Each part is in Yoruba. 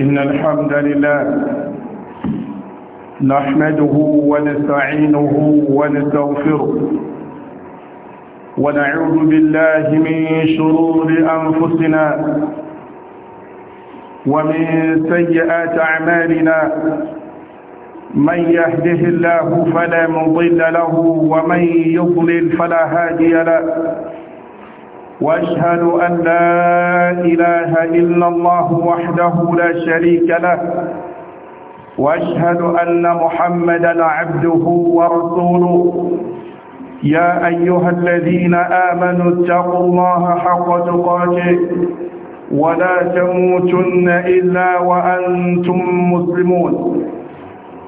إن الحمد لله نحمده ونستعينه ونستغفره ونعوذ بالله من شرور أنفسنا ومن سيئات أعمالنا من يهده الله فلا مضل له ومن يضلل فلا هادي له واشهد ان لا اله الا الله وحده لا شريك له واشهد ان محمدا عبده ورسوله يا ايها الذين امنوا اتقوا الله حق تقاته ولا تموتن الا وانتم مسلمون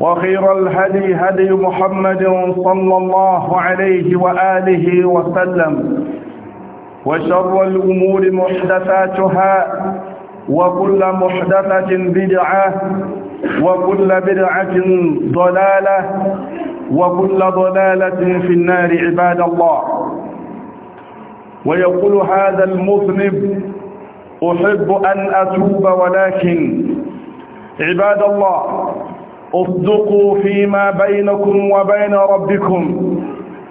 وخير الهدي هدي محمد صلى الله عليه وآله وسلم وشر الأمور محدثاتها وكل محدثة بدعة وكل بدعة ضلالة وكل ضلالة في النار عباد الله ويقول هذا المذنب أحب أن أتوب ولكن عباد الله اصدقوا فيما بينكم وبين ربكم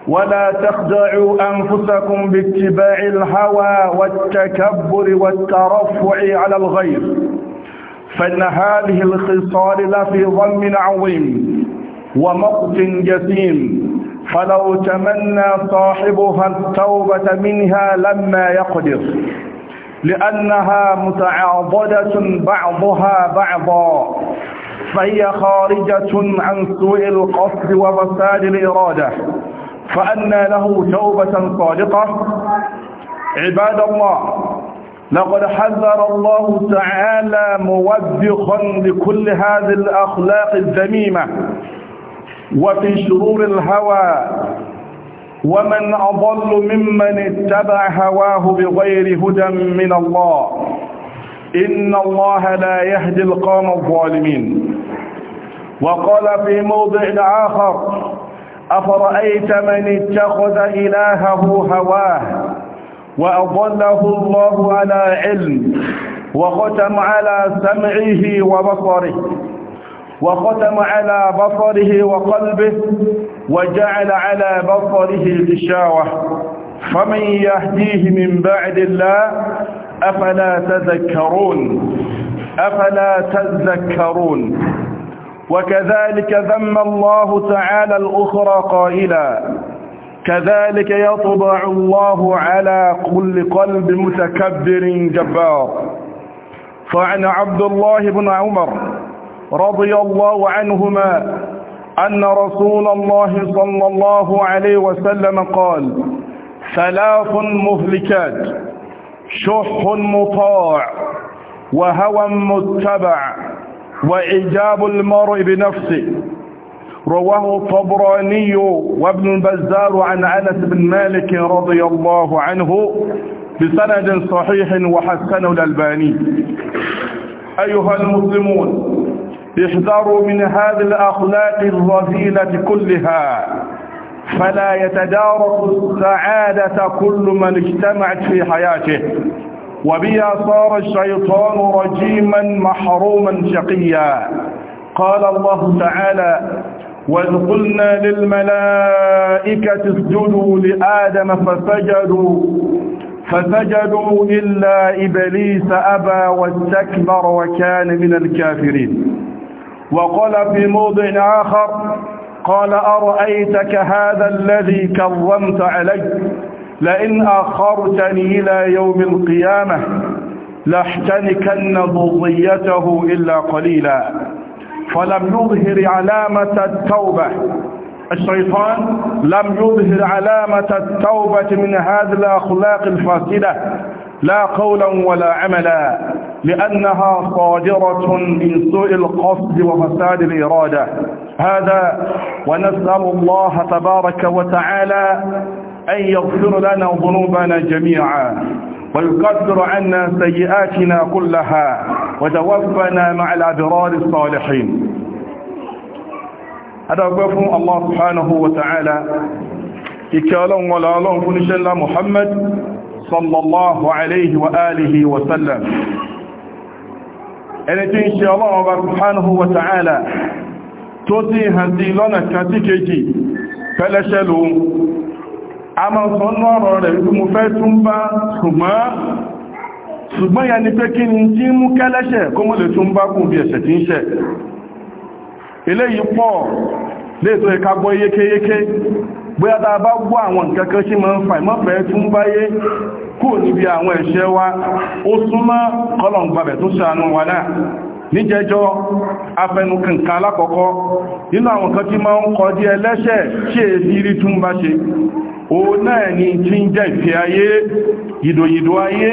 ولا تخدعوا أنفسكم باتباع الهوى والتكبر والترفع على الغير فإن هذه الخصال لفي ظلم عظيم ومقت جسيم فلو تمنى صاحبها التوبة منها لما يقدر لأنها متعاضدة بعضها بعضا فهي خارجة عن سوء القصد وفساد الإرادة فأنى له توبة صادقة عباد الله لقد حذر الله تعالى موبخا لكل هذه الأخلاق الذميمة وفي شرور الهوى ومن أضل ممن اتبع هواه بغير هدى من الله إن الله لا يهدي القوم الظالمين وقال في موضع آخر أفرأيت من اتخذ إلهه هواه وأضله الله على علم وختم على سمعه وبصره وختم على بصره وقلبه وجعل على بصره غشاوة فمن يهديه من بعد الله أفلا تذكرون أفلا تذكرون وكذلك ذم الله تعالى الأخرى قائلا كذلك يطبع الله على كل قلب متكبر جبار فعن عبد الله بن عمر رضي الله عنهما أن رسول الله صلى الله عليه وسلم قال ثلاث مهلكات شح مطاع وهوى متبع وإجاب المرء بنفسه رواه الطبراني وابن البزار عن أنس بن مالك رضي الله عنه بسند صحيح وحسنه الألباني أيها المسلمون احذروا من هذه الأخلاق الرذيلة كلها فلا يتدارك السعادة كل من اجتمعت في حياته وبها صار الشيطان رجيما محروما شقيا قال الله تعالى وإذ قلنا للملائكة اسجدوا لآدم فسجدوا فسجدوا إلا إبليس أبى واستكبر وكان من الكافرين وقال في موضع آخر قال أرأيتك هذا الذي كرمت علي لئن أخرتني إلى يوم القيامة لاحتنكن ضريته إلا قليلا فلم يظهر علامة التوبة الشيطان لم يظهر علامة التوبة من هذه الأخلاق الفاسدة لا قولا ولا عملا لأنها صادرة من سوء القصد وفساد الإرادة هذا ونسأل الله تبارك وتعالى أن يغفر لنا ذنوبنا جميعا ويكفر عنا سيئاتنا كلها وتوفنا مع الأبرار الصالحين هذا أقف الله سبحانه وتعالى إكالا ولا لهم فنشلا محمد صلى الله عليه وآله وسلم ẹni tí ń ṣe ọlọ́run ọba subhanahu wa ta'ala tó ti hàn sí lọ́nà kan tí kejì fẹ́lẹ́ṣẹ́ lòun a máa sọ lọ́rọ̀ rẹ̀ wípé mo fẹ́ tún bá ṣùgbọ́n ṣùgbọ́n ya ni pé kí ni tí mú kẹ́lẹ́ṣẹ̀ kó mọ́ lè tún bá kùn bí ẹ̀ṣẹ̀ tí ń ṣẹ̀ léètò ẹ̀ka gbọ́ yékéyéké bóyá tá a bá gbọ́ àwọn nǹkan kan sí máa ń fà ìmọ́fẹ́ tún báyé kúrò níbi àwọn ẹ̀ṣẹ̀ wa ó súnmọ́ kọlọ̀ gbàbẹ̀ tó ṣàánú wa náà níjẹjọ́ afẹnukànkan alákọ̀ọ́kọ́ nínú àwọn kan tí máa ń kọ dí ẹlẹ́ṣẹ̀ tí èsì rí tún bá ṣe o náà ni tí ń jẹ́ ìfẹ́ ayé ìdòyìdò ayé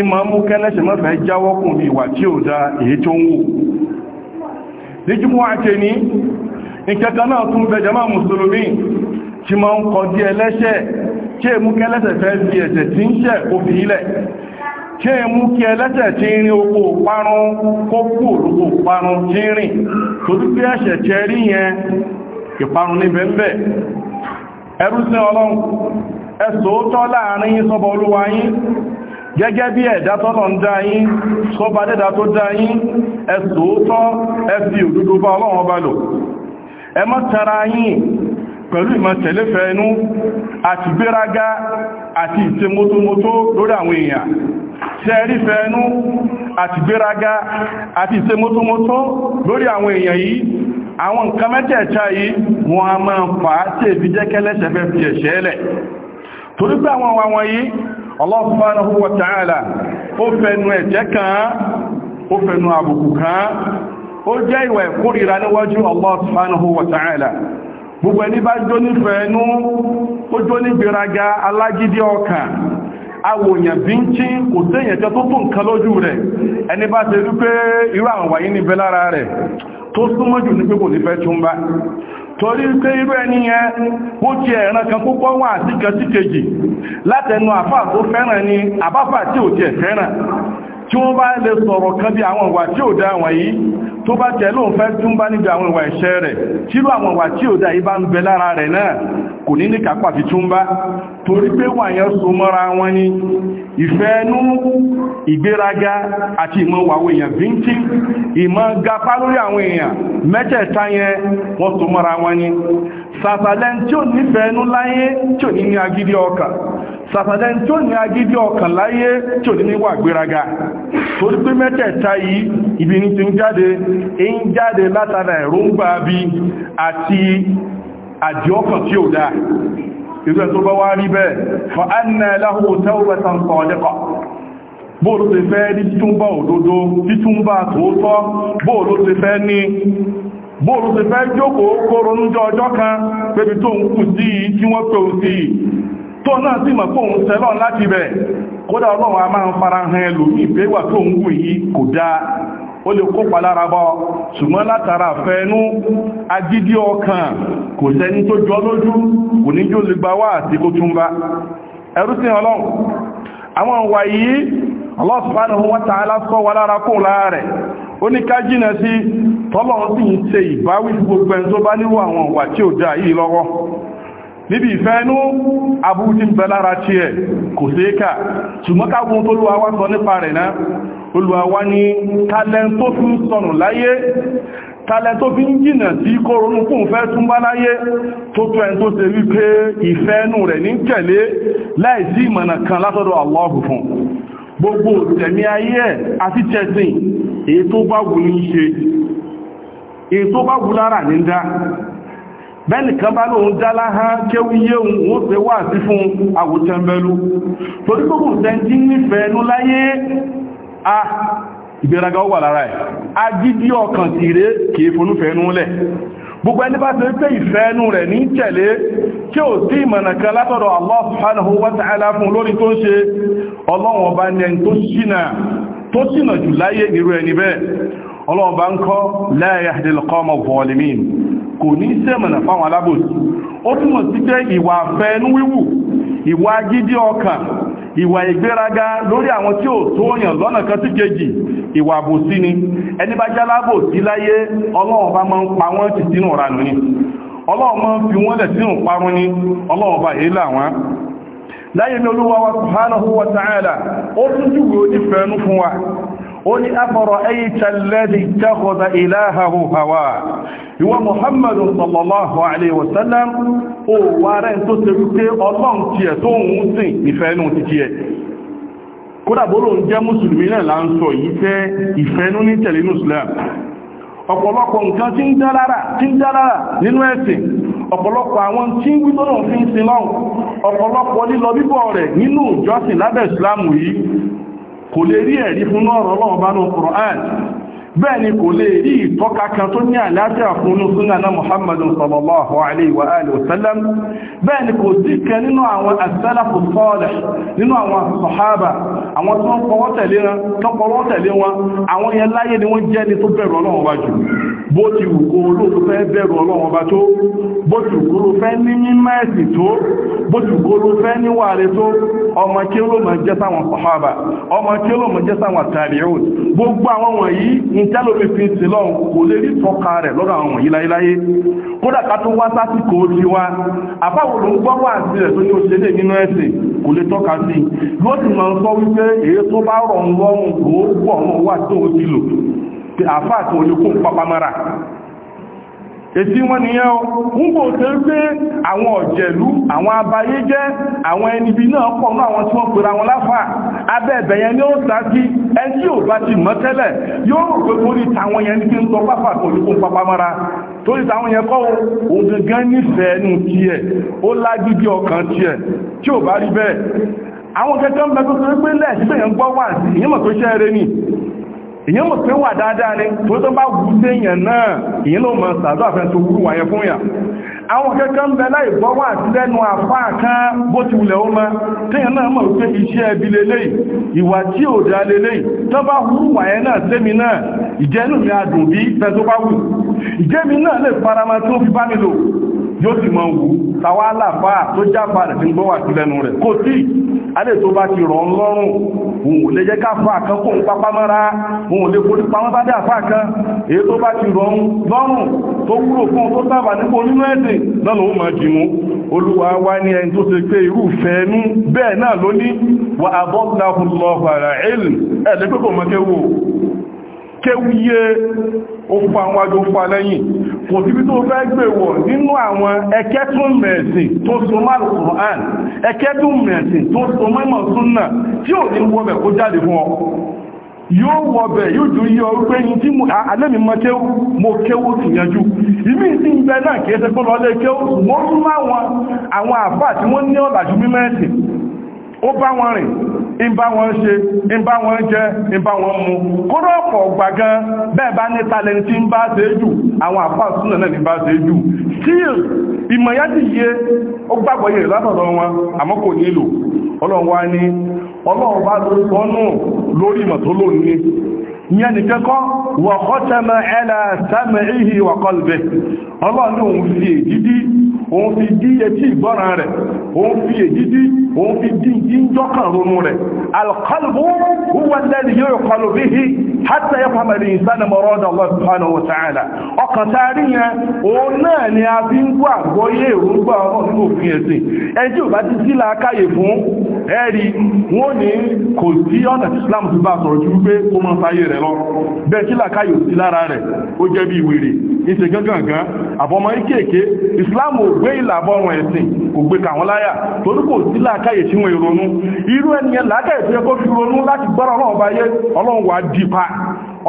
ìmọ̀ mú kẹ́lẹ́ṣẹ̀ mọ́fẹ́ jáwọ́kùn ìwà tí ò dá èyí tó ń wò ìkẹta náà tún bẹjẹ máa mùsùlùmí tí ma ń kọ dí ẹlẹ́ṣẹ̀ tí è mú kí ẹlẹ́ṣẹ̀ fẹ́ di ẹ̀ṣẹ̀ tí ń ṣẹ̀ kó fi ilẹ̀ tí è mú kí ẹlẹ́ṣẹ̀ tí ń rin oko parun kó kú òrùkú parun tí ń rìn torí pé ẹ̀ṣẹ̀ tẹ rí yẹn ìparun níbẹ̀ ń ẹrúsẹ́ ọlọ́run ẹ̀sọ́ọ́tọ́ láàrin yín sọ́bọ̀ olúwa yín gẹ́gẹ́ bí ẹ̀dá tọ́nà ń dá yín sọ́bà tó dá yín ẹ̀sọ́ọ́tọ́ ẹ fi òdodo bá ọlọ́run ọba lò ẹ má tara yín pẹ̀lú ìmọ̀tẹ̀lẹ́fẹ́ ẹnu àti gbéraga àti ìṣe mótómótó lórí àwọn èèyàn ṣẹ́rífẹ́ ẹnu àti gbéraga àti ìṣe mótómótó lórí àwọn èèyàn yìí àwọn nǹkan mẹ́tẹ̀ẹ̀ta yìí wọ́n a máa fà á tí èbí jẹ́ kẹ́lẹ́ṣẹ̀ fẹ́ ó jẹ́ ìwà ìkórìíra níwájú Allah ta'ala gbogbo ẹni bá jó nífẹ̀ẹ́ ẹnu ó jó ní gbéraga alágídí ọkàn awòyàn bí ń tí kò séyàn jẹ́ tó tó nǹkan lójú rẹ̀ ẹni bá ṣe rú pé irú àwọn wáyé níbẹ̀ lára rẹ̀ tó súnmọ́ jù ní pé kò nífẹ̀ẹ́ tún torí pé irú ẹni yẹn ó ti ẹ̀ràn kan púpọ̀ wọn àti kan sí tí wọ́n bá lè sọ̀rọ̀ kan bí àwọn ìwà tí ó dá àwọn yìí tó bá tẹ̀ lóun fẹ́ tún bá níbi àwọn ìwà ìṣẹ́ rẹ̀ tí ló àwọn ìwà tí ó dá ń bẹ lára rẹ̀ náà kò ní ní kápá fi torí pé wà yẹn so mọ́ra wọn ni ìgbéraga àti ìmọ̀ èèyàn wọn ni sàtàlẹ́ tí láyé tí ò ní ní agídí ọkàn torí pé mẹ́tẹ̀ẹ̀ta yìí ibi ní ti ń jáde ń jáde látara ẹ̀rọ̀ǹgbà bí àti àjọ́kàn tí ó dá ìgbẹ́ tó bá wá rí bẹ́ẹ̀ fa anna lahu tawbatan sadiqa bóòlù ti fẹ́ ní títúnbà òdodo títúnbà tòótọ́ bóòlù ti fẹ́ ní bóòlù ti fẹ́ ọjọ́ kan pẹ́bi tó ń kù sí tí òsì tó náà sì mọ̀ fóun sẹ́lọ̀ láti bẹ̀ kódà ọlọ́run a máa ń fara hàn ẹlòmí tó ń gùn yìí kò dáa ó lè kópa lára bọ́ ṣùgbọ́n látara fẹ́ẹ̀nú agídí ọkàn kò sẹ́ni tó jọ lójú kò ní lè gba wá àti kó tún bá ọlọ́run àwọn ìwà níbi ìfẹ́nú aburú tí ń bẹ lára tí ẹ̀ kò séékà ṣùgbọ́n kágun tó lúwa wá sọ nípa rẹ̀ náà olúwa wá tó fi ń sọnù láyé talent tó fi ń jìnà sí kó ronú fún fẹ́ túnbá láyé tó tó tó ṣe wípé ìfẹ́nú rẹ̀ ní tẹ̀lé láìsí ìmọ̀nà kan fún gbogbo tẹ̀mí ayé ẹ̀ àti tẹ̀sìn èyí tó bá wù ní ṣe èyí tó bẹ́ẹ̀ni kan bá lóun dálá ha kéwú yé wọ́n pè wà sí fún àwòtẹ́mbẹ́lú torí gbogbo sẹ́ńtì nífẹ̀ẹ́ láyé a ìgbéraga ó wà lára ẹ̀ agídí ọkàn tí rẹ̀ kìí fonúfẹ́ lẹ̀ gbogbo ẹni bá ti pé ìfẹ́ rẹ̀ ní tẹ̀lé kí ò sí ìmọ̀nà kan látọ̀dọ̀ Allah subhanahu ń ṣe ẹni tó ṣìnà láyé kò ní sẹ́mọ̀nà fáwọn alábòsí ó túnmọ̀ sí pé ìwà àfẹ́nú wíwù ìwà gidi ọkàn ìwà ìgbéraga lórí àwọn tí ó tó yàn lọ́nà kan tí kejì ìwà àbòsí ni ẹni bá jálábò láyé ọlọ́run bá máa ń pa wọ́n ti sínú ni ọlọ́run máa ń fi wọ́n lẹ̀ sínú parun ni ọlọ́run bá láyé ní olúwa wa ó tún fún wa ó ní afọ̀rọ̀ ẹyí tàlẹ́dì tẹ́kọ̀dà ìlàhàhù hawa ìwọ muhammadu sallallahu alaihi wasallam ó wà rẹ̀ tó ṣe wípé ọlọ́n ti ẹ̀ tó ń sìn ìfẹ́nú ti ti ẹ̀ kódà ló ń jẹ́ mùsùlùmí náà là ń sọ yìí fẹ́ ìfẹ́nú ní tẹ̀lé islam ọ̀pọ̀lọpọ̀ nǹkan tí ń dálára tí ń dálára nínú ẹ̀sìn ọ̀pọ̀lọpọ̀ àwọn tí ń gbígbónà fi ń sin lọ́hùn ọ̀pọ̀lọpọ̀ lílọ bíbọ̀ rẹ̀ nínú ìjọsìn lábẹ́ ìsìlámù yìí kò lè rí ẹ̀rí fún ọ̀rọ̀ ọlọ́run bá bẹ́ẹ̀ ni kò lè rí ìtọ́ka kan tó ní àlàáfíà fún súnà náà muhammadu sallallahu alaihi wa alihi wasallam bẹ́ẹ̀ ni kò sí kẹ nínú àwọn as-salafu salih nínú àwọn sahaba àwọn tó ń pọwọ́ tẹ̀lé wọn àwọn yẹn láyé ni wọ́n jẹ́ ni tó bẹ̀rù ọlọ́run wá ìtẹ́lómi fi ń sílọ́ kò lè rí tọ́ka rẹ̀ lọ́dọ̀ àwọn wọ̀nyí láyéláyé kódà ká tó wá sásìkò orí wa àbáwò ló ń gbọ́ wà sí rẹ̀ tó ní òṣèlè nínú ẹ̀sìn kò lè tọ́ka sí yóò sì máa ń sọ wípé èyí tó bá rọ̀ ń lọ́rùn kò ó pọ̀ mọ́ wà tó ń ti lò àfáà tó ní kó pápá mọ́ra ètí wọn nìyẹn o ń bò tó ń pé àwọn ọ̀jẹ̀lú àwọn abayéjẹ́ àwọn ẹnibi náà pọ̀ ní àwọn tí wọ́n pèrè àwọn láfà abẹ́ ẹ̀bẹ̀ yẹn ni ó sá sí ẹni tí ò bá ti mọ̀ tẹ́lẹ̀ yóò rò pé kórì táwọn yẹn ní sọ pápá kò ní kó pápá mọ́ra torí táwọn yẹn kọ́ òun gangan nífẹ̀ẹ́ nù tiẹ̀ ó lágídí ọkàn tiẹ̀ tí ò bá rí bẹ́ẹ̀ àwọn kẹ̀kẹ́ ń bẹ tó ṣe pé lẹ́ẹ̀sí èyàn mọ̀ pé wà dáadáa ní tó tó bá wù sí èyàn náà èyàn ló mọ̀ sàdọ́ àfẹ́ tó wúrù wáyé fún yà àwọn kẹ́kẹ́ ń bẹ láì gbọ́wọ́ àti lẹ́nu àfá kan bó ti wùlẹ̀ ọmọ téèyàn náà mọ̀ pé iṣẹ́ ẹbí lélẹ́yìí ìwà tí ò dá lélẹ́yìí tó bá wúrù wáyé náà sẹ́mi náà ìjẹ́nu mi adùn bí fẹ́ tó bá wù ìjẹ́mi náà lè farama tó fi bá mi lò yóò sì mọ̀ wù tàwa àlàfà tó jáfà rẹ̀ tí ń gbọ́wà sí lẹ́nu rẹ̀ kò sí alẹ́ tó bá ti rọ̀ ń lọ́rùn òun lè jẹ́ káfà kan kó ń papá mọ́ra òun lè kó nípa wọn bá dé àfà kan èyí tó bá ti rọ̀ ń lọ́rùn tó wúrò fún tó sábà nípa onínú ẹ̀sìn lọ́nà ó máa jìmú olúwa wá ní ẹni tó ṣe pé irú fẹ́ẹ́nú bẹ́ẹ̀ náà ló wà àbọ́dàhùn kéwúyé ó fa àwọn ajó fa lẹ́yìn kò síbi tó fẹ́ gbèwọ̀ nínú àwọn ẹkẹ́tún mẹ̀ẹ̀sìn tó so márù Qur'an ẹkẹ́tún mẹ̀ẹ̀sìn tó so mẹ́mọ̀ súnnà tí ò ní wọ́bẹ̀ kó jáde fún ọ yóò wọ̀bẹ̀ yóò jù yí ọrú pé yí tí alẹ́mì mọ́ kéwú mo kéwú sì yanjú ìmí sí bẹ náà kìí ṣe pé lọ́lẹ́ kéwú àwọn àfáà tí wọ́n ní ọ̀làjú mímẹ́sìn ó bá wọn rìn ń bá wọn ṣe ń bá wọn jẹ ń bá wọn mu kódà ọ̀pọ̀ ọgbà gan bẹ́ẹ̀ bá ní afọ ń bá ṣe jù àwọn àfáà súnà náà ní bá ṣe jù still ìmọ̀ ti yé ó gbàgbọ́ látọ̀dọ̀ wọn àmọ́ kò nílò ọlọ́run wá ní ọlọ́run bá lórí ìmọ̀ tó lónìí kọ́ wọ̀kọ́ òun fi dí etí ìgbọ́ràn rẹ̀ òun fi èdídí òun fi dí ìjọ́kàn ronú rẹ̀ alqalbu huwa alladhi yuqalu bihi hatta yafhama al-insanu murada Allah subhanahu wa ta'ala ọkàn táàrí yẹn òun náà ni a fi ń gbọ́ àgbọ́yé èròǹgbà ọ̀rọ̀ nínú òfin ẹ̀sìn ẹjí ò bá ti sí làákàyè fún ẹ̀rí wọ́n ní kò sí ọ̀nà Islam ti bá sọ̀rọ̀ ju pé ó rẹ̀ lọ bẹ́ẹ̀ sí làákàyè lára rẹ̀ ó jẹ́ bí àbọ̀mọ́ Islam ò gbé ìlà bọ́ wọn ẹ̀sìn kò kàwọn láyà torí kò sí làákàyè tí wọ́n ìrònú irú ẹniyẹn làákàyè tí kò fi ronú láti gbọ́rọ̀ ọlọ́run bá yé ọlọ́run wà dìpa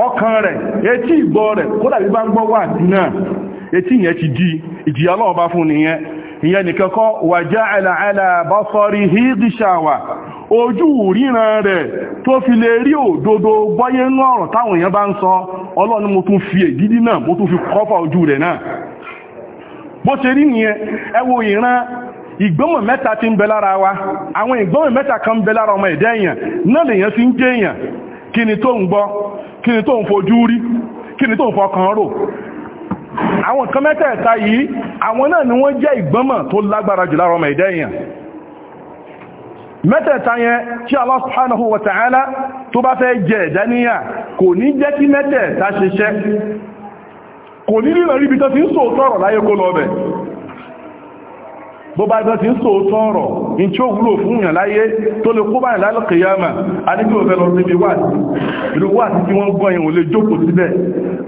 ọkàn rẹ̀ etí ìgbọ́ rẹ̀ kódà bí bá ń gbọ́ wà sí náà etí ti di ọlọ́run bá fún nìyẹn ìyẹn nìkan kọ́ bá sọrí ojú ríran rẹ̀ tó fi lè rí bá ń sọ ọlọ́run bó ṣe rí nìyẹn ẹ ìran ìgbọ́mọ̀ mẹ́ta tí ń bẹ lára wa àwọn ìgbọ́mọ̀ mẹ́ta kan bẹ lára ọmọ ẹ̀dá èèyàn náà lèèyàn fi ń jẹ́ èèyàn kí ni tó ń gbọ́ kí tó ń fojú rí kí tó ń fọkàn rò àwọn kan yìí àwọn náà ni wọ́n jẹ́ ìgbọ́mọ̀ tó lágbára jù lára ọmọ èèyàn yẹn tí tó bá fẹ́ ẹ̀dá níyà kò ní jẹ́ kí kò ní lílọ ríbi tó ti ń sọ tọ́rọ̀ láyé kó lọ bẹ̀ bó bá tó ti ń sọ tọ́rọ̀ in tí ó wúlò fún ìyàn láyé tó lè kó bá ìlà lọ́kìyàmà o fẹ́ lọ síbi wáàtí ìlú wáàtí tí wọ́n gbọ́ ìhùn lè jókòó síbẹ̀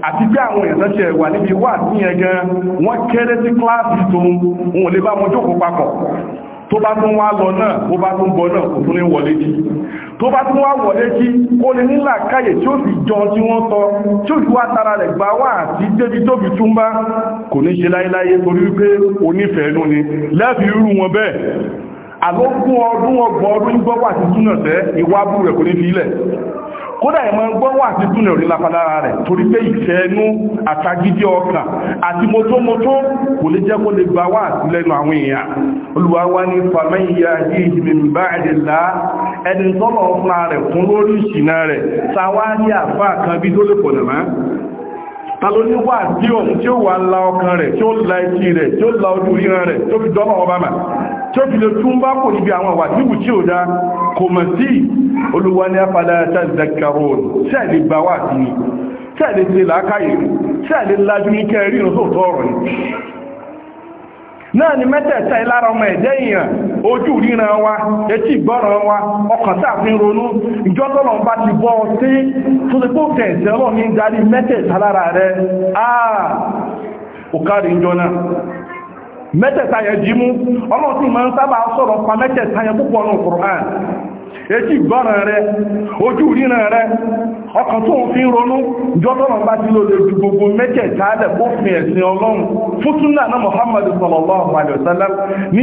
àti bí àwọn èèyàn tẹ́ wà níbi wáàtí tó bá tún wá lọ náà ó bá tún bọ̀ náà kò tún ní wọlé jí tó bá tún wá wọlé jí ó lè nílà káyè tí ó sì jọ tí wọ́n tọ́ tí ó sì wá tara rẹ̀ gbá wà àti débi tóbi tún bá kò ní ṣe láíláyé torí wípé onífẹ̀ẹ́nú ni lẹ́fì irú wọn bẹ́ẹ̀ àlógún ọdún ọgbọ̀n ọdún gbọ́pàá ti túnà tẹ́ ìwábù rẹ̀ kò ní fi ilẹ̀ kódà ẹ̀mọ́ gbọ́nwọ́ àti túnlẹ̀ orí lápadára rẹ̀ torí pé ìfẹ́ ẹnu àtagídí ọkàn àti mọ́tọ́mọ́tọ́ kò lè jẹ́ kó lè gbà wá àti lẹ́nu àwọn èèyàn Olúwa wa ní fàmẹ́yà yìí min ba'dillah ẹni tọ́lọ̀ fúnra rẹ̀ fún lórí ìṣìnà rẹ̀ sáwárí tí ó fi lè tún bá kò níbi àwọn àwà níwù tí ó dá kò mọ̀ sí olúwa ní afẹ́lẹ́ tẹ́lẹ̀kẹrún tẹ́lẹ̀ gbà wà sí ní tẹ́lẹ̀ ti làákàyè tẹ́lẹ̀ lájú ní kẹrin lóòtọ́ ọ̀rọ̀ ni náà ni mẹ́tẹ̀ẹ̀ta wa ti náà mẹ́tẹ̀ẹ̀ta yẹn jí mú ọlọ́tí ma ń sábà sọ̀rọ̀ pa mẹ́tẹ̀ẹ̀ta yẹn púpọ̀ ní Kùránì etí gbọ́ràn rẹ ojú ríran rẹ ọkàn tó ń fi ronú jọ́tọ̀nà bá ti gbogbo mẹ́tẹ̀ẹ̀ta lẹ̀ bó ẹ̀sìn ọlọ́run fún náà Muhammadu sallallahu alaihi wasallam ni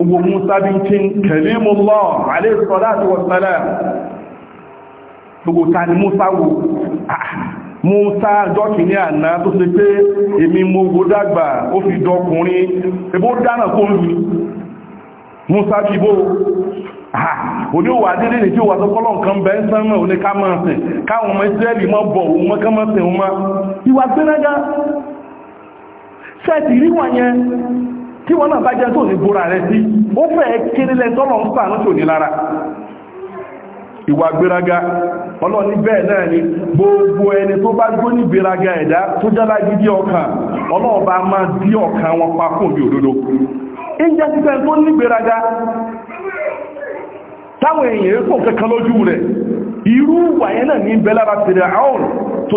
ubu musa bintin kalimullah alayhi salatu wassalam gbogbo ta ni musa wo ah, musa jọ́kì ní àná tó ṣe pé èmi mo wo dàgbà ó fi dọkùnrin ebó dáná kó ń lu musa bí bó ah, òní òwà adélé ní tí tó kọ́lọ̀ nǹkan bẹ́ ń sánmọ̀ òní ká máa sìn káwọn ọmọ israẹli mọ́ bọ̀ òun mọ́ kán mọ́ sìn òun mọ́ ìwà sínágá ṣẹ́ẹ̀tì ríwà kí wọn náà bá jẹ́ tó ní bóra rẹ̀ sí ó fẹ́ kéré lẹ́tọ́lọ̀ ń n'otu tó ní lára ìwà gbéraga ọlọ́ni bẹ́ẹ̀ náà ni gbogbo ẹni tó bá gbó ní gbéraga ẹ̀dá gidi ọkàn ọlọ́ọ̀bá máa di ọkàn wọn pa fún òbí òdodo ìjẹ́ títẹ́ tó ní gbéraga táwọn èèyàn kankan lójú rẹ̀ irú náà ní bẹ́lára àwọn tó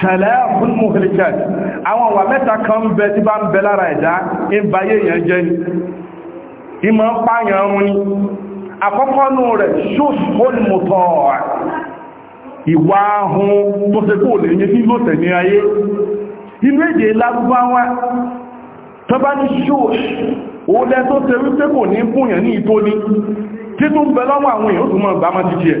sàlẹ́ẹ̀fún mohlikat àwọn wà mẹ́ta kan ń bẹ tí bá ń bẹ lára ẹ̀dá ń bayé èèyàn jẹ́ ni ìmọ̀ ń pààyàn rún ni àkọ́kọ́ nù rẹ̀ ṣóṣùfún mọ̀tọ̀ ìwà ahun tó ṣe kó lè yẹ nílò tẹ̀mí ayé inú èdè lárúbáwá tó bá ní ṣóṣ ó lẹ́ tó ṣe wípé kò ní fúnyàn ní ìtóní títún bẹ lọ́wọ́ àwọn èèyàn tó mọ̀ bá mọ́ títí ẹ̀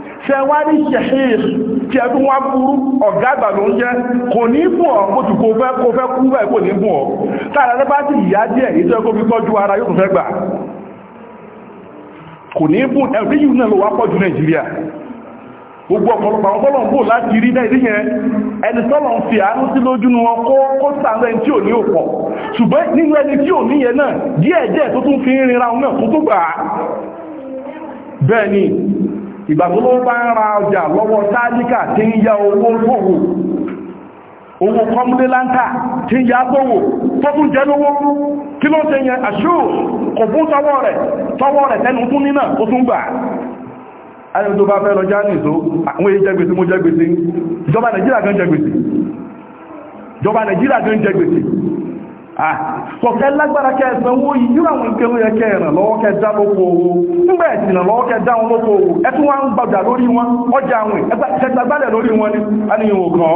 ṣe wá ní ṣẹ̀ṣẹ̀ tí ẹ tún wá burú ọ̀gá àgbà ló ń jẹ́ kò ní bù ọ́ kó tù kó fẹ́ kó fẹ́ kú bẹ́ẹ̀ kò ní bù ọ́ tára lẹ́bá sì yá díẹ̀ èyí tó kó fi tọ́jú ara yóò tún fẹ́ gbà kò ní bù ẹ̀rí yìí náà ló wá pọ̀ ju Nàìjíríà gbogbo ọ̀pọ̀lọpọ̀ àwọn tọ́lọ̀ ń bò láti rí náà ìdíyẹn ẹni tọ́lọ̀ ń fi àánú sí lójú ní wọn kó kó sàárẹ̀ ẹni tí ò ní òpọ̀ ṣùgbọ́n nínú ẹni tí ò ní yẹn náà díẹ̀díẹ̀ tó tún fi ń rinra òun náà tó tó gbà á bẹ́ẹ̀ ni ìgbà tó ló bá ń ra ọjà lọ́wọ́ tálíkà tí ń ya owó gbòwò owó kọmúlé láńtà tí ń ya gbòwò tọ́kún jẹ́ lówó kí ló ṣe yẹn àṣíò kò bú tọwọ́ rẹ̀ tọwọ́ rẹ̀ tẹnu tún nínà ó tún gbà ayọ́ Ah, kọ̀kẹ́ lágbára kẹsàn owó yíyú àwọn ìkẹrù yẹ kẹrìn lọ́wọ́ kẹjá lóko owó nígbà ẹ̀sìnà lọ́wọ́ kẹjá wọn lóko owó ẹtún wọn ń gbàgbà lórí wọn ọjà àwọn ẹgbàgbàlẹ̀ lórí wọn ni a ní ìwò kan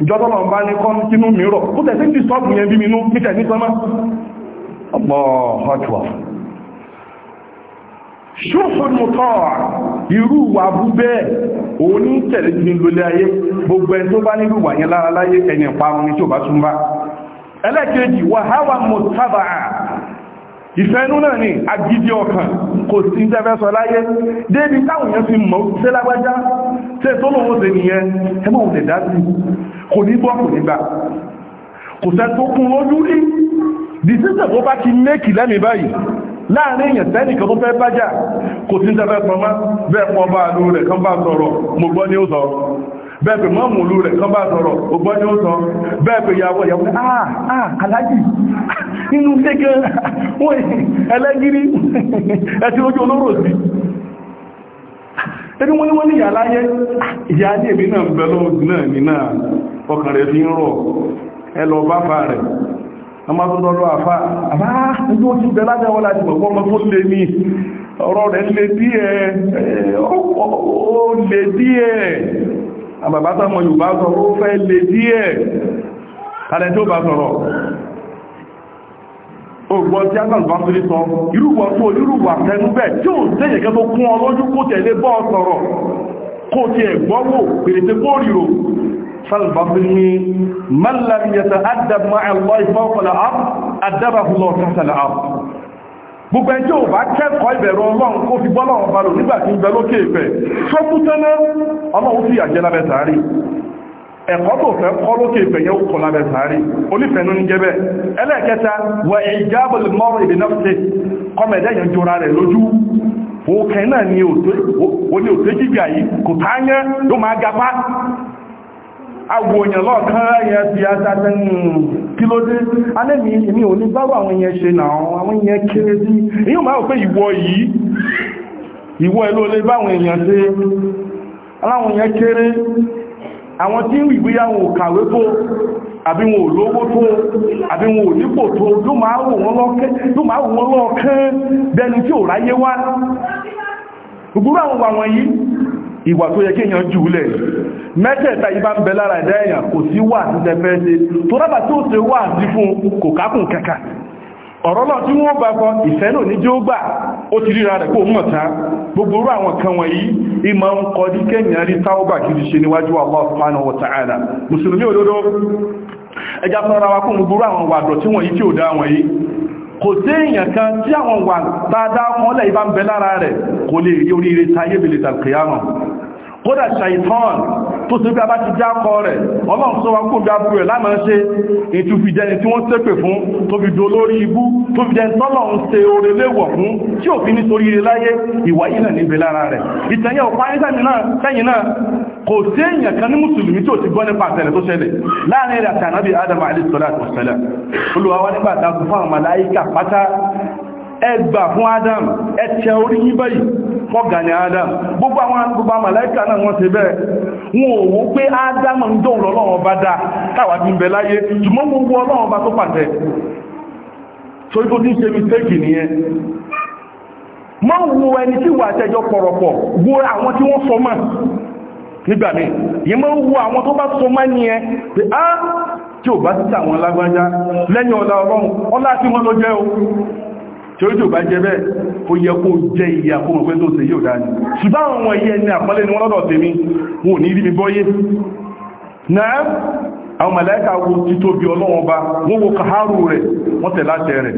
ìjọba lọ bá ní sínú ó ti sọ́ọ̀bù yẹn bí minú ní sọ́mọ́ ẹlẹ́kẹ́jì wà háwà mọ̀tábà ìfẹ́nú náà ni agidi ọkàn kò sí ìjẹ́fẹ́sọ láyé débi táwọn èèyàn fi mọ̀ sí lágbájá tí ètò lòun òsè nìyẹn ẹgbẹ́ òun lè dá sí kò ní gbọ́ kò ní gbà kò sẹ́ tó kún lójú rí dìsísẹ̀ tó bá ti méèkì lẹ́mìí báyìí láàrin èèyàn tẹ́nìkan tó fẹ́ bájà kò sí ìjẹ́fẹ́ pọ̀mọ́ bẹ́ẹ̀ pọ̀ bá lóore kan bá sọ̀rọ̀ mo gbọ́ ní ó sọ̀rọ̀ bẹ́ẹ̀pẹ̀ mọ́mù olú rẹ̀ kọ́ bá sọ̀rọ̀ ògbọ́n ó sọ bẹ́ẹ̀pẹ̀ ìyàwó ìyàwó ah, ah, àà àà inú tẹ́gẹ́ wọ́n ẹlẹ́gìrí ojú olóró sí ẹbí wọ́n ní wọ́n ní ìyà láyé ìyà náà bẹ̀lọ́ náà ọkàn ẹlọ ọ̀rọ̀ rẹ̀ lè díẹ̀ àbàbá sáwọn Yorùbá sọ ó fẹ́ lè díẹ̀ kalẹ̀ tí ó bá sọ̀rọ̀ ògbọ́n tí ágbàlù bá fílé sọ irúwọ̀ tó irúwọ̀ àtẹnúbẹ̀ tí ó tẹ́yẹ̀ kẹ́ tó kún ọlọ́jú kó tẹ̀lé bọ́ sọ̀rọ̀ kó ti ẹ̀gbọ́wò pèrèsè kó ríro sálùbáfílé gbogbo ẹjọ́ ò bá kẹ́kọ̀ọ́ ìbẹ̀rù ọlọ́run kó fi bọ́lá ọ̀run balò nígbà tí ń bẹ lókè ìfẹ́ ṣọ́kú tẹ́lẹ̀ ọlọ́run fi àjẹ́ lábẹ́ sàárì ẹ̀kọ́ tó fẹ́ kọ́ lókè ìfẹ́ yẹn kọ́ lábẹ́ sàárì onífẹ̀ẹ́nu ní jẹ́bẹ̀ ẹlẹ́ẹ̀kẹta ni òtẹ́ jíjà yìí kò táyẹ́ ló máa agbòyàn lọ́ọ̀kan ẹ̀yẹ ti àtàtẹ́nu kí ló dé alẹ́mì èmi ò ní báwọ̀ àwọn èèyàn ṣe nà àwọn èèyàn kéré sí èyí máa pé yìí ẹ̀lú báwọn èèyàn ṣe aláwọn èèyàn kéré àwọn tí ìgbéyà àbí wọn ò lówó tó àbí wọn ò nípò tó ló máa wò wọn lọ́ọ̀kán bẹni tí ò ìwà tó yẹ kí èèyàn jù lẹ̀ mẹ́tẹ̀ẹ̀ta ibá ń bẹ lára ẹ̀dá èèyàn kò sí wà sí tẹfẹ́ ṣe tó rábà tí ó ṣe wà sí fún kò kákùn kẹka ọ̀rọ̀ náà tí wọ́n bá kọ ìfẹ́ náà ní jí ó gbà ó ti ríra rẹ̀ kó mọ̀ tá gbogbo orú àwọn kan wọ̀nyí ìmọ̀ ń kọ ní kẹ́yìn rí táwọ́bà kìí ṣe níwájú kò sí èèyàn kan tí àwọn wà dáadáa kan lẹ́yìn bá ń bẹ lára rẹ̀ kò lè rí oríire táyébìlì tàkìyàmọ̀ kódà ṣàìtàn tó sí pé a bá ti já kọ rẹ̀ ọlọ́run sọ wa kó bí aburú ẹ̀ lámàá ṣe ètù fi jẹni tí wọ́n ṣépè fún tó fi dolórí ibú tó fi jẹni tọ́lọ̀ ń ṣe oore léwọ̀ fún tí ò fi ní sórí ire láyé ìwà ìlànà níbi lára rẹ̀ ìtẹ̀yẹ ọ̀pá ẹ̀sẹ̀yìn náà kò sí èèyàn kan ní mùsùlùmí tí ò ti gbọ́ nípa àtẹ̀lẹ̀ tó ṣẹlẹ̀ láàrin rẹ̀ àtànábì adam alayhi salatu wassalam olùwàwá nígbà tá a fún àwọn màláíkà pátá ẹgbà fún Adam ẹ̀tẹ̀ orí yí báyìí fọ́gà ní Adam gbogbo àwọn gbogbo àmàláìkà náà wọ́n ṣe bẹ́ẹ̀ wọn pé Adam ń dóun lọ́lọ́wọ́ bá dáa káwà bí ń láyé gbogbo ọlọ́wọ́ bá tó pàtẹ so ibo tí ń ṣe mistake nìyẹn mọ́ wo ẹni tí wà tẹjọ pọ̀rọ̀pọ̀ àwọn tí wọ́n sọ mọ́ nígbà yìí mọ́ àwọn tí ó e bá jẹ́ bẹ́ẹ̀ ó yẹ kó jẹ́ iye àkóhùn pé tó ṣe yóò dá ṣùgbọ́n àwọn iye ẹni àpọ́lẹ̀ ni wọ́n lọ́dọ̀ tèmi wọn ò ní rí mi bọ́yé náà àwọn wo títóbi wọ́n wo kàárù rẹ̀ wọ́n tẹ̀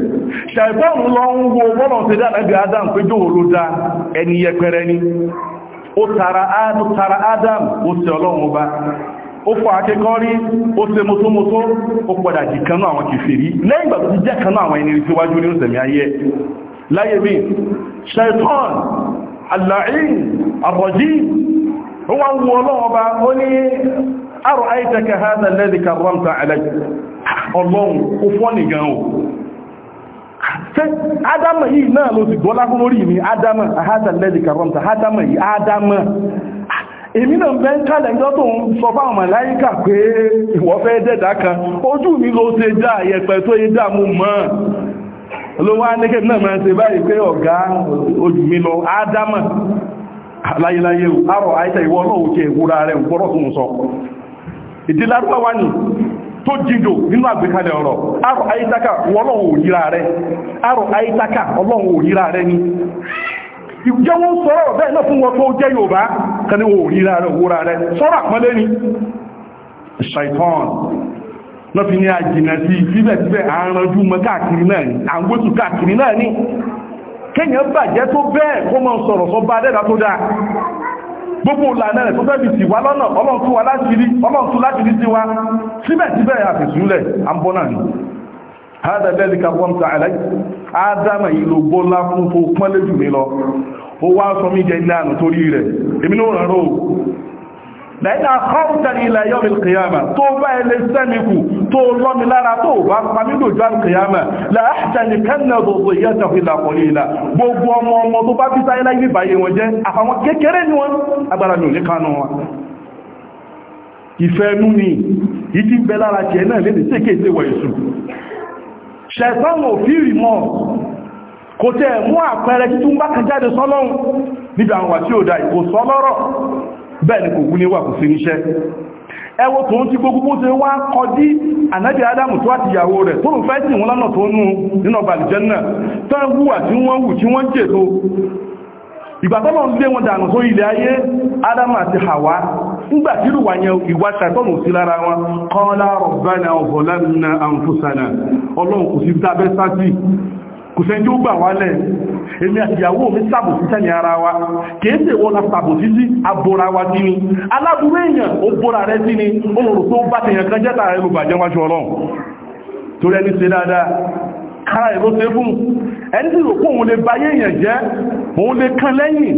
rẹ̀ lọ adam ẹni ó fọ́ akẹ́kọ́ rí ó ṣe mọ́tọ́mọ́tọ́ ó padà jì kanú àwọn kìfèrí lẹ́yìn ìgbà tó ti jẹ́ kanú àwọn ẹni tí wájú ní òsèmí ayé láyé mi shaitan al-la'in ar-rajim ó wá ń wo ọlọ́ọba ó ní àrò àìtẹ́kẹ̀ hádà alladhi karramta alayhi ọlọ́run ó fọ́ nìgan o ádámà yìí náà ló ti gbọ́lá fún lórí mi ádámà hádà yìí ádámà èmi náà bẹ́ ń kálẹ̀ ìjọ tó ń sọ fáwọn màláíkà pé ìwọ fẹ́ dẹ̀dá kan ojú mi ló ṣe dá àyẹ̀pẹ̀ tó yé dá mú mọ́ ló wá ní kí náà máa ṣe báyìí pé ọ̀gá ojú mi lọ ádámà láyéláyé àrọ̀ àìsà ìwọ náà òkè ìwúra rẹ̀ gbọ́rọ̀ tó ń sọ ìdílárúbá wá ní tó jíjò nínú àgbékalẹ̀ ọ̀rọ̀ àrọ̀ àìsàkà ọlọ́run òyíra rẹ̀ ni ìjẹ́ wọ́n sọ̀rọ̀ bẹ́ẹ̀ náà fún wọn tó jẹ́ Yorùbá kan ní òríra rẹ̀ wúra rẹ̀ sọ̀rọ̀ àpọ́lé ni ṣàìtàn náà fi ní àjìnà sí síbẹ̀síbẹ̀ àrànjú mọ́ káàkiri náà ni àgbótù káàkiri náà ni kéèyàn bàjẹ́ tó bẹ́ẹ̀ kó mọ́ sọ̀rọ̀ sọ bá dẹ́dà tó dáa gbogbo ìlànà rẹ̀ tó fẹ́ bí tìwá lọ́nà ọlọ́run tún láti rí tiwa síbẹ̀síbẹ̀ àfẹ̀súnlẹ̀ àbọ́nà ni hádà lẹ́dí kàbọ́ntà àlẹ́ ádámà yìí ló gbọ́lá fún tó pọ́nlé jù mí lọ ó wá sọ mí jẹ ìlànà torí rẹ̀ èmi ní òrànrò lẹ́yìnà kọ́ọ̀tà ilẹ̀ yọ́mìl kìyàmà tó bá ẹlẹ́ sẹ́mìkù tó lọ́mi lára tó bá pàmílòjọ́ kìyàmà láàájẹ́ni kẹ́nàdọ̀dọ̀ ìyẹ́jọ̀fìlà pọ̀lì ìlà gbogbo ọmọ ọmọ tó bá bí sáyé láyé báyé wọn jẹ́ àfàwọn kékeré ni wọn agbára mi ò ní kánú wọn ìfẹ́ nú ni ìdí bẹ lára jẹ náà lè ṣẹ̀tọ́nù òfin ìmọ̀ kò tẹ́ mú àpẹẹrẹ títún bá kan jáde sọ́lọ́run níbi àwọn wà tí ó dá ìkò sọ́lọ́rọ̀ bẹ́ẹ̀ ni kò gún níwà kò sí níṣẹ́ ẹwọ́ tó ń ti gbogbo tí wá kọ dí ànábì Ádámù tó àti ìyàwó rẹ̀ tó ń fẹ́ sí wọn lọ́nà tó nú nínú ọbàlìjẹ́ náà tó ń hùwà tí wọ́n hù tí wọ́n jèlò ìgbàtọ́lọ̀ ń lé wọn dànù tó ilẹ̀ ayé Ádámù àti Hawa nígbà tí ìrùwà yẹn ìwà ṣàtọ́nù sí lára wọn kọ́lá rọ̀bánà ọ̀bọ̀lánà àǹfùsànà ọlọ́run kò sí tábẹ́ sáàtì kò sẹ́ tí ó gbà wálẹ̀ èmi àtìyàwó mi sí tẹ́lẹ̀ ara wa kìí sì wọ́n la sí abora wa sí ni aláburú èèyàn ó bóra rẹ sí ni ó tó bá kan kan lẹ́yìn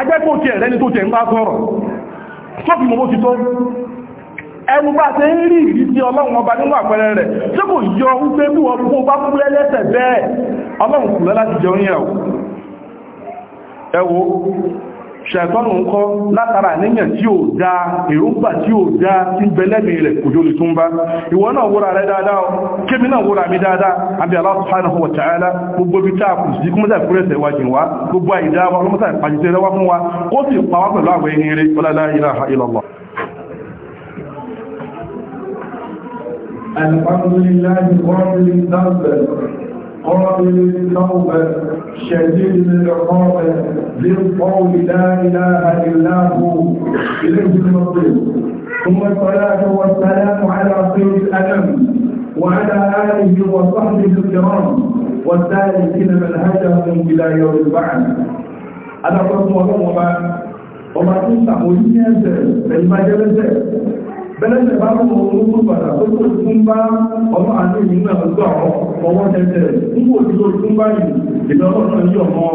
ajẹ́kùn tí ẹ̀rẹ́ni tó tẹ̀ ń bá sọ̀rọ̀ sọ́fì mọ́ ti tó ẹnu bá ṣe ń rí ìrí sí ọlọ́run ọba nínú àpẹẹrẹ rẹ̀ tí kò yọ wípé bí wọ́n fún bá kúrẹ́ lẹ́sẹ̀ bẹ́ẹ̀ ọlọ́run kù lẹ́láti jẹun yẹ̀ ṣẹ̀tọ́nù ń kọ́ látara àníyàn tí ó dá èròǹgbà tí ó dá tí bẹ̀lẹ́mì rẹ̀ kò jólè tún bá ìwọ náà wúra rẹ̀ dáadáa kémi náà wúra mi dáadáa àbí Allah subhanahu wa ta'ala gbogbo bí táà kù sí kúmọ́sà ìpúrẹ́sẹ̀ wa jìn الحمد لله قابل الذنب قابل التوبة شديد العقاب للقول لا إله إلا هو إليه المصير ثم الصلاة والسلام على سيد الألم وعلى آله وصحبه الكرام والسالكين منهجهم إلى يوم البعث أنا قلت وما وما تنسى أقول يا سيد bẹ́lẹ́sẹ̀ bá mú ohun ní púpàdà tó kò tún bá ọmọ àti ìrìn náà gbà ọwọ́ tẹ́tẹ̀ nígbò tí ó tún bá yìí ìlọ́rọ̀ náà yí ọmọ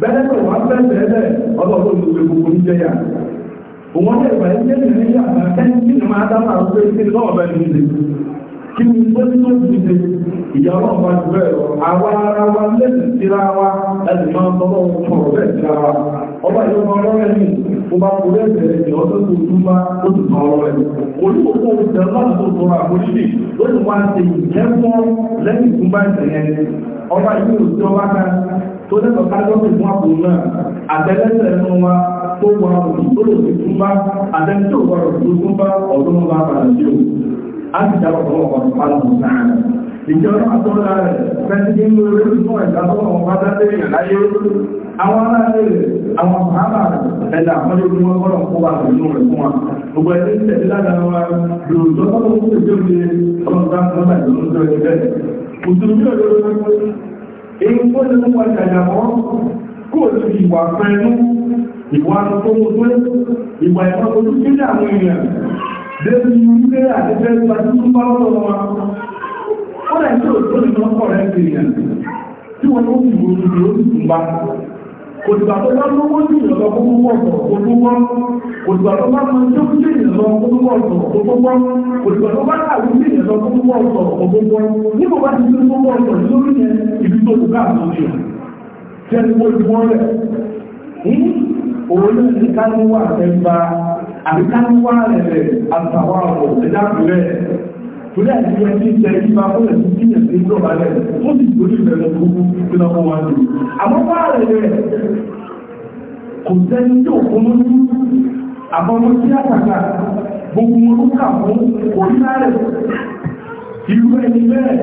bẹ́lẹ́sẹ̀ wá bẹ́ẹ̀bẹ́ẹ̀lẹ̀ ọlọ́rọ̀ ló gbé gbogbo ní jẹ́yà òun ọjọ́ ìgbà yìí ní àgbà kẹ́ni kí ni máa dámà ó pé kí ni bẹ́ẹ̀ ní ìdè kí ni ó ní lọ́wọ́ ti dé ìyá ọlọ́run bá ju bẹ́ẹ̀ àwa ara wa lẹ́sìn síra wa láti máa tọ́lọ́ ọ̀rọ̀ bẹ́ẹ̀ síra wa ọba ìjọba ọlọ́rẹ́ yìí mo bá kó lẹ́sẹ̀ ẹ̀jẹ̀ ọdún tó tún bá ó ti tọ̀ ọ̀rọ̀ rẹ̀ olùkókó ìjẹ́ lọ́dún tó tọrọ àforíjì ó ti wá ṣe ìjẹ́fọ́ lẹ́yìn tó bá ìṣẹ̀ yẹn ọba yìí ò sí ọba kan tó lẹ́tọ̀ọ́ ká lọ́sẹ̀ fún àpò náà àtẹ́lẹ́sẹ̀ ẹnu wa tó wà òbí tó lò sí tún bá àtẹ́ni tó wà òbí tó tún bá ọdún bá padà o á ti dá ọ̀dọ́ ọ̀pọ̀ ìjọba àtọ́lá rẹ̀ fẹ́sí ní orí fún ìgbàtọ́wọ̀ wọn bá dáadé èèyàn láyé àwọn aláàrẹ̀ àwọn àmàrà ẹ̀dà àmọ́lé orí wọn kọ́rọ̀ kó wà nínú rẹ̀ fún wa gbogbo ẹgbẹ́ ìtẹ̀lẹ́ lágbàrá wa lòrò tọ́tọ́lọ́ fún ìjọba ọlọ́dá mọ́tà ìjọba ìjọba ìjọba ìjọba ìjọba ìwà tó mú tó ìwà ìwà ojú sílẹ̀ àwọn èèyàn débi ilé àti fẹ́ gbajúmọ́ lọ́wọ́ ó rẹ̀ tí ó tó ní lọ́kọ̀ rẹ̀ ti yàn tí wọ́n ló fi wọ́n ló fi tún bá kò dìgbà tó bá lówó ní ìrọ̀lọ́ gbogbo ọ̀sọ̀ kò tó wọ́n kò dìgbà tó bá mọ tí ó ní ìrọ̀lọ́ gbogbo ọ̀sọ̀ kò tó wọ́n kò dìgbà tó bá kàwé ní ìrọ̀lọ́ gbogbo ọ̀sọ̀ kò tó wọ́n nígbà bá ti ní gbogbo ọ̀sọ̀ lórí yẹn ibi tó kù káàkiri yẹn jẹ́ ní wọ́n ti wọ́n rẹ̀ òun náà ní kánúwà ẹ̀ bá àbíkánúwà rẹ̀ àtàwọn ọ̀pọ̀ ẹ̀dá torí àti ẹni tẹ ìgbà fún ẹ̀sùn tí yẹn ti gbọ́ balẹ̀ ó sì gbórí ìbẹ̀rẹ̀ gbogbo tí wọ́n wọ́n wá sí. àmọ́ fáàrẹ̀ rẹ̀ kò sẹ́ni tí òkú mú sí àbọ̀mọ́ sí àtàkà gbogbo wọn ló kà fún orí lárẹ̀ ìlú ẹni bẹ́ẹ̀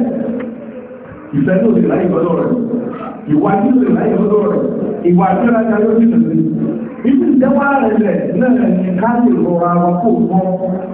ìfẹ́ ló lè láyé lọ́dọ̀ rẹ̀ ìwà tí lè láyé lọ́dọ̀ rẹ̀ ìwà tí ó láyé lọ́dọ̀ rẹ̀ ìlú ìjẹ́wọ́ rẹ̀ náà ní ká lè rọra wọn kó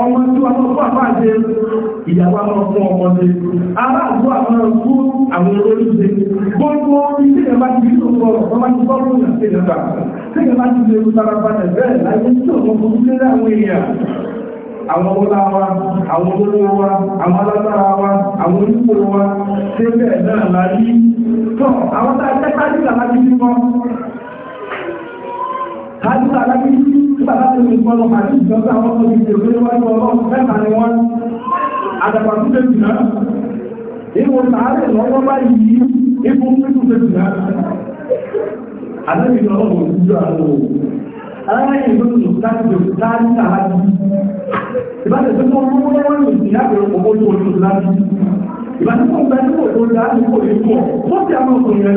ọmọ tí wọ́n fún àpáàdé ìyàwó àwọn fún ọmọdé ará àgbó àwọn ọkú àwọn olóòṣè gbogbo ilé ẹ̀bá ti rí ọ̀pọ̀ ọ̀pọ̀ máa ti bọ́ọ̀lù àti ìjọba tí ẹ̀bá ti lè rú sára balẹ̀ bẹ́ẹ̀ láyé tí ọ̀pọ̀ burú lé àwọn èèyàn àwọn ọlá wa àwọn olówó wa àwọn alágbára wa àwọn onípò wa ṣé bẹ́ẹ̀ náà la tọ́ àwọn tá kájú alábí nígbà láti ní ìpọlọ àti ìjọba àwọn ọmọ ìdè òkèlè wáyé ọlọ́run mẹ́ta ni wọ́n àdàpà tó lè jù náà ìwò sàárè lọ́wọ́ báyìí ikú pípù tó lè jù náà àdàbí lọ́wọ́ kò sí àwọn òwò aláyẹ̀ ìgbóhùn tájò tájú àhájú ìbáṣẹ̀ tó tó mú lọ́wọ́ ní ìyàgbẹ̀ òkòkò tó lè jù láti ìbáṣẹ̀ tó ń bẹ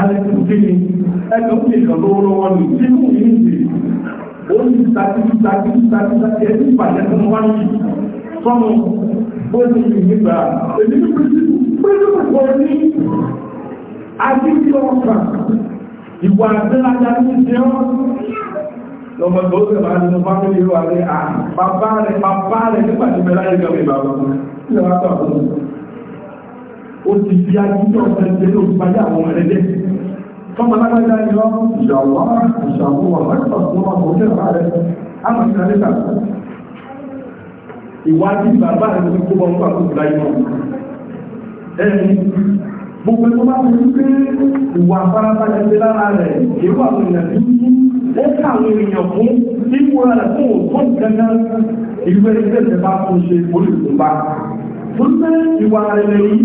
alẹ́kùnkiri ẹgbẹ̀rún ìṣọ̀lọ́wọ́ wọn ni nínú ìrìnsì ó ní ìtàkìtàkìtàkì ẹni ìpàdé fún wọn ní sọ́nà bóyí nígbà èdè pẹ̀lú àdíjọ́ ọ̀pá ìwà àgbẹ́lájá ní ṣe ọ́ lọ́mọ tó ṣe máa nínú fámílì wà ní àpapá rẹ̀ papá rẹ̀ nígbàtí mẹ́lá ìgbàmì ìbàbọ̀ ó ti di àdíjọ́ ọ̀pá ìgbẹ́lẹ̀ òpáyà àwọn ẹ̀rẹ́dẹ́ ثم لقد جاء اليوم ان شاء الله ان شاء الله اكبر ثم توجد عليه اما في ذلك ìwádìí bàbá rẹ̀ ní kúbọ̀ nípa tó gbà ìmọ̀ ẹni gbogbo tó bá ti rí pé ìwà farabalẹ̀ ti lára rẹ̀ èwà àwọn èèyàn tí ó kà àwọn èèyàn fún ipò rẹ̀ fún òtún ìgbẹ́gbẹ́ ìlú ẹgbẹ́ ìjẹba tó ṣe olùkùnbá tó ń bẹ́ ìwà rẹ̀ lẹ́yìn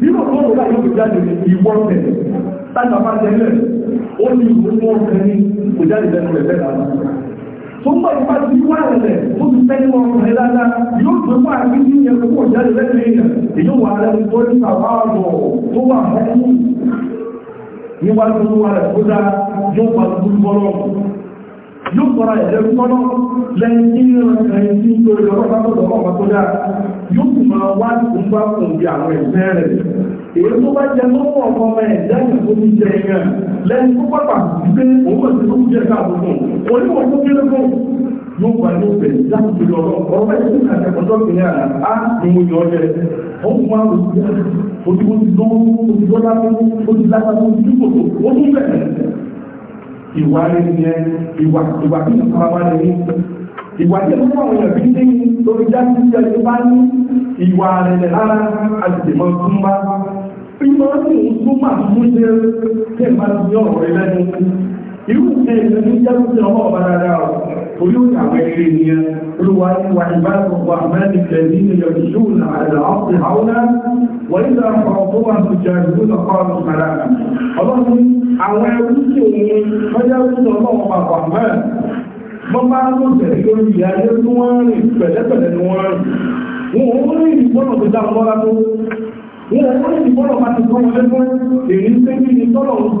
nínú ọ̀pọ̀ ọ̀gá yóò jáde ìwọ́ ọ̀fẹ́ tájà bá tẹ́lẹ̀ ó ní ìwọ́ ọ̀fẹ́ ní kò jáde lẹ́nu ẹ̀fẹ́ lára tó ń bọ̀ nípa ti wá ẹ̀rẹ̀ ó ti fẹ́ nípa ọ̀fẹ́ lára yóò tó wà ní ní ẹ̀ kó jáde lẹ́nu èèyàn èyí wà á lẹ́nu tó ní bàbá ọ̀rọ̀ tó wà mọ́kú níwájú wà rẹ̀ kó dá yóò pa yóò sọ̀rọ̀ ẹ̀jẹ̀ sọ́nà lẹ́yìn tí ẹ̀yìn tí ó lọ rọ́pá tó lọ́pọ̀ ọmọ tó dáa yóò sì máa wá ìkún bá kùn bí àwọn ẹ̀fẹ́ rẹ̀ èyí tó bá jẹ lọ́wọ́ ọmọ ọmọ ẹ̀jẹ̀ yẹn tó ní jẹ yẹn lẹ́yìn tó pápá pé òun ò sí tó jẹ káàkùn oníwọ̀n tó kéré fún yóò wà ní òfè láti lọ ọ̀rọ̀ ẹ̀jẹ̀ tó kà ẹ̀kọ́jọ́ kìnìyà á ní mo yọ ọjẹ́ ó ń wá òṣìṣẹ́ òṣìṣẹ́ òṣìṣẹ́ òṣìṣẹ́ òṣìṣẹ́ òṣìṣẹ́ ìwà rẹ̀ ìwà ìwà tí ó fara balẹ̀ ní ìwà tí ó fún àwọn èèyàn bí ní lórí jáde tí ẹni bá ní ìwà rẹ̀ lára àtìmọ̀ súnmá ìmọ̀ sí súnmá súnmá jẹ́ tẹ̀má sí ọ̀rọ̀ rẹ̀ lẹ́nu irú ẹ̀rọ ní jẹ́kùnjẹ́ ọmọ ọba dáadáa ọ̀ orí òun àwọn ẹ̀rẹ́ ènìyàn olúwa ní wà ní báyìí ọ̀pọ̀ àmẹ́rin kẹ̀lí ní yọ̀dí yóò nà àdà ọ̀pẹ̀ haúlá wọ́n ní ìlànà ọ̀pọ̀ wà ní ìjà ìlú lọ́kọ́ ọ̀rọ̀ kàrà ọlọ́run àwọn ẹrú sí òun lọ́jà ìlú ọmọ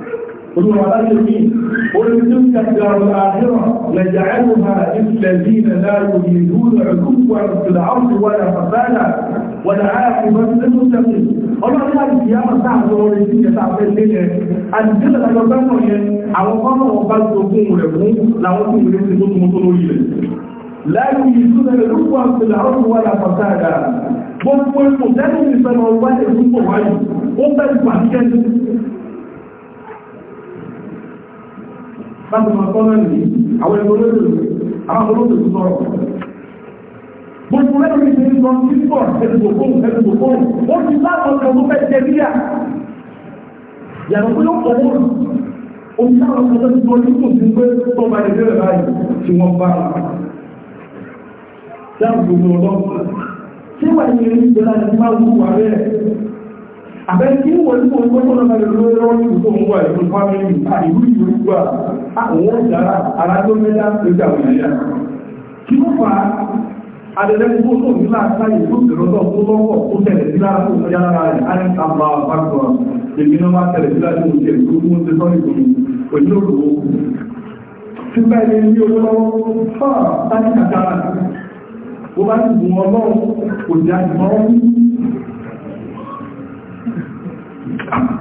والمعلمين ولتلك الدار الآخرة نجعلها للذين لا يريدون علوا في الأرض ولا فسادا والعاقبة للمتقين ọlọ́run láti fi yàmà sáàtọ̀ orin sí ìjẹta àpẹẹlẹ rẹ̀ àdìsílẹ̀ àjọpẹ́sọ̀ yẹn àwọn kọ́nà ọba gbogbo rẹ̀ fún làwọn tó ìrẹ́ sí gbogbo tó lórí rẹ̀ láàrín ìṣúná rẹ̀ lókùn àpẹẹlẹ àwọn tó wà lápàtà àdára gbogbo ìfẹ́ lọ wáyé púpọ̀ wáyé ó fẹ́ láti máa tọ́lẹ̀ ní àwọn ẹgbẹ́ olóòrùn àwọn olóòrùn sọ̀rọ̀ gbogbo ẹgbẹ́ ìṣẹ́ ń lọ sí pọ̀ ẹgbẹ̀gbọ̀n ẹgbẹ̀gbọ̀n ó ti láwọn ọkọ̀ tó fẹ́ jẹ bíyà yàtọ̀ pé ó kọ̀ wọ́n omi láwọn ọkọ̀ tó ti lọ sí kò sí pé tó bá ẹgbẹ́ rẹ̀ báyìí tí wọ́n bá dáàbò gbogbo ọlọ́pàá tí wà ní ẹgbẹ́ láti máa wù wà rẹ̀ àbẹ́rẹ́ tí wọ́n ní wọ́n gbọ́gbọ́n náà lè lórí lọ́wọ́ ní ìlú òun wà ìlú fámílì àìlú ìlú wà àwọn òjára ara tó mẹ́lá lójà òyìnbá kí ó fa adẹ́lẹ́ tó tó ní láàáyé tó tẹ̀rọ́tọ̀ tó lọ́wọ́ tó tẹ̀lẹ̀ sí láàárín òun yára rẹ̀ á ní àbá àpapọ̀ èmi náà wá tẹ̀lẹ̀ sí láàárín òun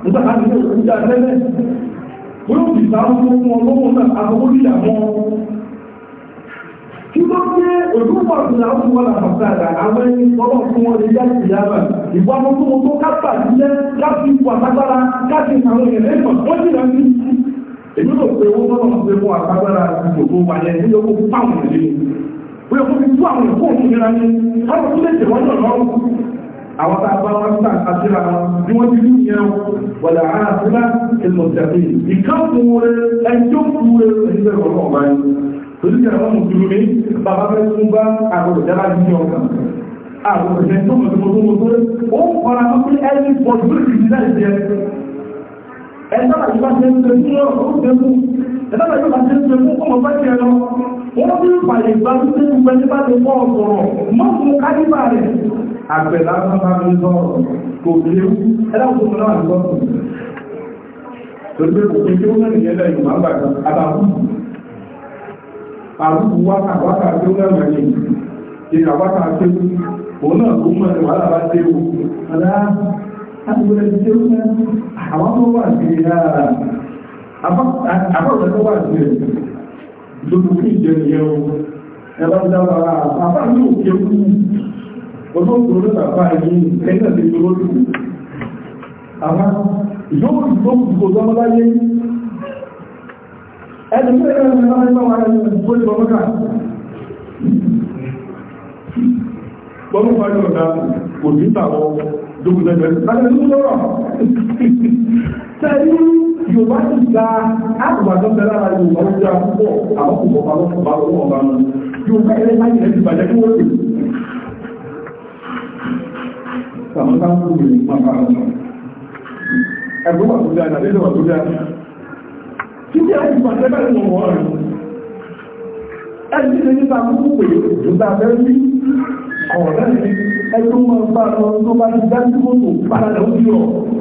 nígbà láti ní ìjà tẹ́lẹ̀ yóò fi sáwọn fún ọlọ́wọ́ náà àkókò ìyà mọ́ kí ló dé òdúpọ̀ ìlà òkú wọn àpàtà àgbà àwọn ẹni sọ́rọ̀ fún wọn lè yá ìyá àbà ìwà tó kápá sílẹ̀ láti ipò àtàgbára láti àwọn èèyàn lẹ́kọ̀ọ́ wọ́n sì ní èmi ló pe owó tọ́lọ̀ pé fún àtàgbára ìgbòho wà yẹn ní owó fáwọn ìlú wọ́n yẹ kó fi tú àwọn ìkó òkú nira ní àwọn tó lè tẹ̀wọ́n náà àwọn tá a bá wọn sàn àtìrà wọn bí wọ́n ti rí ìyẹn wọ̀ là á fúlá ìmọ̀tẹ̀fì ìkáàkùn rẹ̀ ẹjọ́ kú rẹ̀ ẹgbẹ́ ọ̀rọ̀ ọ̀gbá yìí torí kí àwọn mùsùlùmí bàbá fẹ́ tún bá àgbọ̀dọ̀ jábá ní ọkàn àgbọ̀dọ̀ jẹ́ tó mọ̀ tó mọ̀ tó ó ń kọ́ra tó pé ẹni pọ̀ tó ti rí láì jẹ́ ẹjọ́ àyíká jẹ́ ń tẹ́ ìdájọ́ ìjọba ti ń ṣe fún ọmọ bẹ́ẹ̀ yẹn lọ wọ́n ti ń fàyè gba tó ṣe gbogbo ẹni bá ti fọ́ ọ̀sọ̀rọ̀ mọ́kùn kálífà rẹ̀ àgbẹ̀ lásán bá mi sọ̀rọ̀ kò kéwú ẹlẹ́kùn mi náà lọ torí pé kò kéwú náà nìyẹn lẹ́yìn ìmọ̀ àgbà àbàkù àbùkù wákà wákà tó náà mọ̀ ní ìkà wákà tó òun náà kò mọ̀ ní wàhálà bá tẹ́wò ọ̀dá àti wọlé tẹ́wò náà àwọn tó wà sí ìyára àbọ̀rọ̀lẹ́gbọ́ wà ní ẹ̀ lókù kí ìjẹ nìyẹn o ẹ̀rọ dábàrá àbá ní òkè wú ọdún òkúrò bàbá yìí ẹ̀yìn àti ìṣòro lù àmá yóò tó kò sọmọ láyé ẹni tó ẹ̀rọ ìrìnà ẹgbẹ́ wà ní ìgbóni bọ́mọ́kà bọ́mọ́kà yóò dá kò ní ìtàwọ̀ lókù lẹ́gbẹ̀ẹ́ yorùbá ti gba àtùbàdàn bẹ́ẹ̀ lára yorùbá ó dára púpọ̀ àwọn kò bọ̀ pamọ́ fún bàbá wọn bá mú yorùbá ẹ̀rẹ́ láyé rẹ̀ ti bàjẹ́ kí wọ́n lè sàmúlá ń kúrò ní pápá ọ̀sán ẹ̀rọ wà tó dáa nàlẹ́ wà tó dáa kí ni àwọn ìpàdé bá ń wọ̀ ọ̀rọ̀ ẹni tí nípa púpọ̀ pé ìjọba abẹ́rẹ́ sí ọ̀rẹ́ ẹni tó máa ń bá lọ tó bá ti dá sí mọ́tò padà lọ́wọ́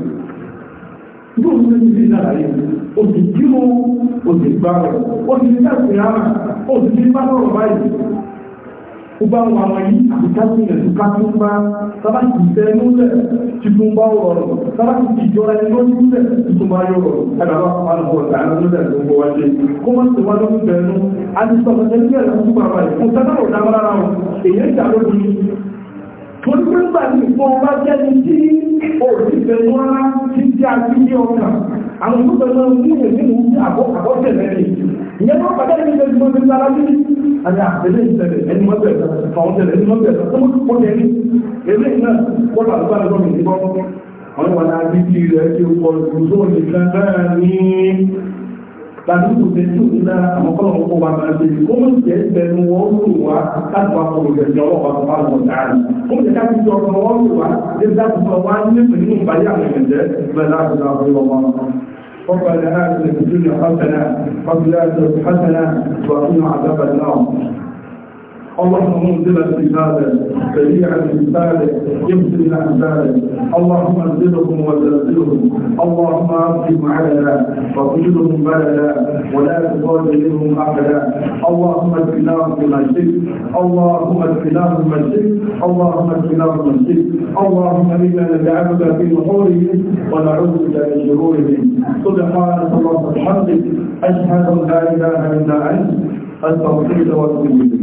yóò ní ní bí sàlàyé o ti kí o o ti gbà rẹ o ti ká sí ara o ti fi bá lọ́rọ̀ báyìí ó bá wọn àwọn yìí àti káàkiri ẹ̀sù káàkiri bá sábà ti tẹ ẹnu lẹ̀ tuntun bá wọ̀rọ̀ sábà ti ti jọra ẹni lọ́dún lẹ̀ tuntun bá yọ̀ rọ̀ ẹ̀dá bá wọn àwọn ọ̀tá ẹni lọ́dún lẹ̀ tó ń bọ̀ wá dé kó má ti wá lọ́dún bẹ̀ẹ́nu àti sọ̀tọ̀ ẹni lẹ̀ lọ́dún bàbá yìí kò sábà ò dábàrà wọn èyí ń dàrú tó ní pẹ́gbà ní ìfọ́n bá jẹ́ ní tí òòrùn ìfẹ̀mọ́ ara ti jẹ́ àti ní ọ̀nà àwọn ìfúnpẹ̀ náà ní ìwé nínú àbọ̀tẹ̀lẹ̀ ni ìyẹn náà pàdé ní ìfẹ́ ìfọ́n bíi sára sí àti àtẹ̀lẹ̀ ìfẹ̀lẹ̀ ẹni mọ́tò ẹ̀sẹ̀ fàwọn tẹ̀lẹ̀ ẹni mọ́tò ẹ̀sẹ̀ tó mọ́ tẹ̀lé eré náà kọ́lá àlùbá àlùbá mi ní bọ́ wọn wọn á bí kí rẹ̀ ti pọ̀ tàbí kò tẹ́ tó ní lára àwọn kọ́lọ̀ ọkọ̀ wa máa ṣe kó mọ̀ jẹ́ ìbẹ̀nu wọn lò wá láti wá kọ̀ọ̀ ìgbẹ̀jọ́ ọlọ́wà tó bá lọ dáadáa ó jẹ́ ká ti jọ ọmọ wọn lò wá lè dáàbò bá wá nípa nínú ìbáyé àwọn ìgbẹ̀jẹ́ bẹ́ẹ̀ láti dáàbò lọ́wọ́ ربنا آتنا في الدنيا حسنة وفي الآخرة حسنة وقنا عذاب النار اللهم انزل الرسالة سريع الرسالة يمسل أحزانا اللهم انزلهم وزلزلهم اللهم أرضهم عدلا وقيلهم بلدا ولا تقال منهم أحدا اللهم اتناهم بما شئت اللهم اتناهم بما شئت اللهم اتناهم بما شئت اللهم إنا نجعلك في نحورهم ونعوذ بك من شرورهم سبحانك اللهم وبحمدك أشهد أن لا إله إلا أنت أستغفرك وأتوب إليك